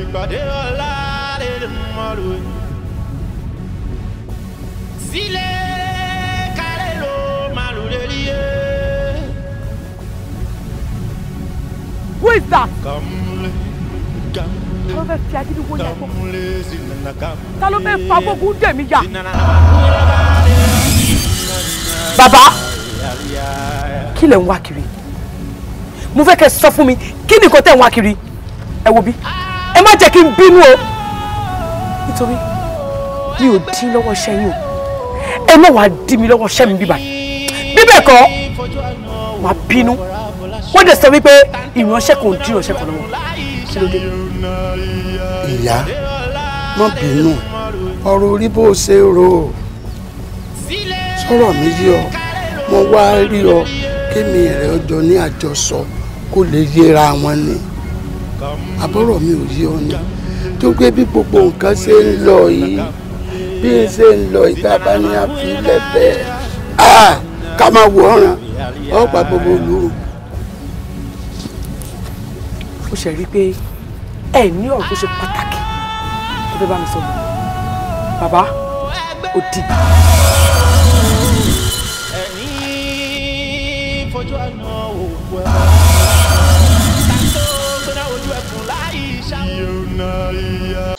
ìpàdé ọ̀la lè mọ̀ lóyún. sílẹ̀ kálẹ̀ ló máa lò lè rí e. Who is that? ta Come fẹ́ fi agídí wó yàtọ̀ ta ló fẹ́ fa gbogbo dẹ̀mí yà. bàbá kí lẹ̀ ń wá kiri mo fẹ́ kẹ́ sọ fún mi kí nìkan tẹ̀ ń wá kiri ẹ wo bí. Ah! ẹ má jẹ́ kí n bínú o nítorí mi ò dín lọ́wọ́ iṣẹ́ yín o ẹ má wàá dí mi lọ́wọ́ iṣẹ́ mi bíbá bíbẹ̀ kọ́ màá bínú wọ́n dẹ̀ sọ wípé ìránṣẹ́ kan ò dín ìránṣẹ́ kan lọ́wọ́ kí ló dé. ìyá má bínú ọ̀rọ̀ orí bó ṣe rò ó sọ̀rọ̀ mi yí ọ mo wá rí ọ kémi rẹ̀ ọjọ́ ní àjọsọ kó lè yẹra wọn ni àbọ̀rọ̀ mi ò yí ọ ni tó gbé bí gbogbo nǹkan ṣe ń lọ yìí bí n ṣe ń lọ yìí tá a bá ní àfilẹ̀ bẹ́ẹ̀ ká máa wò ọ̀ràn ọ̀pá gbogbo olú. ó ṣe rí i pé ẹ ní ọ̀rọ̀ tó ṣe pàtàkì tó fẹ́ bá mi sọ bàbá ó di. ẹ̀yin fojú àná òkú ẹ̀. Maria